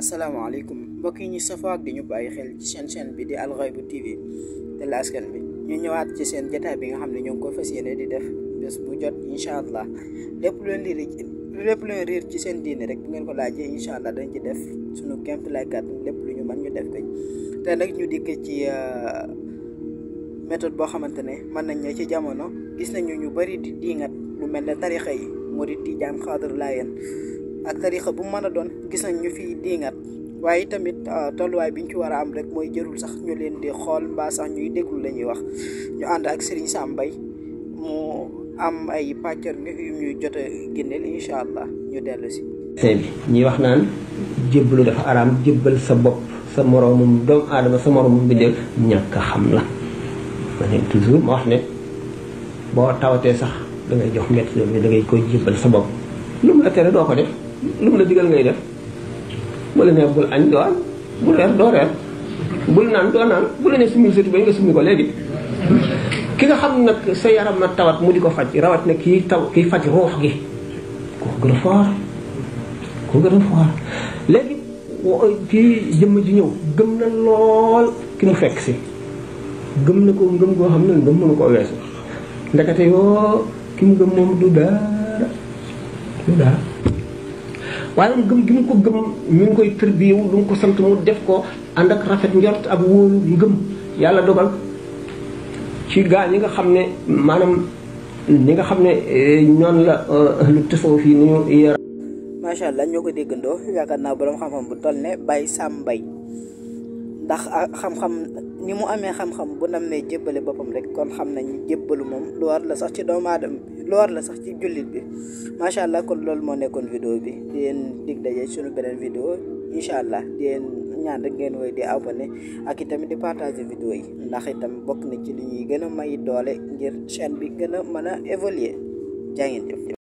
asalaamaaleykum mbokk yi ñu safoo ak di ñu bàyyi xel ci seen chaîne bi di Al Haïbou TV te la bi ñu ñëwaat ci seen jotaay bi nga xam ne ñoo ngi ko fas yéene di def bés bu jot incha allah lépp lu leen riir lépp lu leen riir ci rek ngeen ko laajee incha dañ ci def suñu kémt lay kàttan lépp lu ñu mën ñu def ko te nag ñu dikk ci euh, méthode boo xamante ne mën nañ ne ci jamono gis nañu ñu bëri di diingat lu mel ne tarixa yi murid tijaan xaadir laayeen ak tarixa bu mën a doon gis nañ ñu fiy diingat waaye tamit ah, tolluwaay bi ñu ci war a am rek mooy jërul sax ñu leen di xool mbaa sax ñuy déglu la wax ñu ànd ak sëriñ mbay mu am ay pàccar yu ñuy jot a génneel incha allah ñu dellu si. bi ñuy wax naan jébbalu dafa araam jëbbal sa bopp sa moroomum doomu aadama sa moroomum bi def ñàkk xam la ma ne toujours ma wax ne boo tawatee sax dangay jox médecin bi da ngay koy jébbal sa bopp lu mu tere doo ko def. lu mu la digal ngay def bu la neex bul añ doo añ bul reer doo reer bul naan doo naan bu la ne summi sa tubéy nga summi ko léegi ki nga xam nag sa yaram na tawat mu di ko faj rawat na kii taw kii faj ruux gi koo gën a foor gën a léegi kii jëmm ji ñëw gëm na lool ki mu fekk si gëm na ko ngëm goo xam ne ngëm mënu koo weesu ndekete yoo ki mu gëm moom du dara du dara waaye gëm gi mu ko gëm mi ngi koy tërbiw lu mu ko sant mu def ko ànd ak rafet njort ak wóolu ngëm yàlla dogal ci gaa ñi nga xam ne maanaam ñi nga xam ne eh, ñoon la eh, lu tësoo fii ni ñu yar macha allah ñoo ko déggandoo yaakaar naa borom xam-xam bu toll ne Baye Sam Mbaye ndax ah, xam-xam ni mu amee xam-xam bu nam ne jébbale boppam rek kon xam nañ jébbalu moom lu war la sax ci doomu aadama lool war la sax ci jullit bi macha allah kon loolu moo nekkoon vidéo bi di leen dig daje suñu beneen vidéo incha allah di leen ñaan rek ngeen woy di abonné ak itamit di partager vidéo yi ndax itam bokk na ci li ñuy gën a may doole ngir chaine bi gën a mën a évoluer jaa ngeen jëf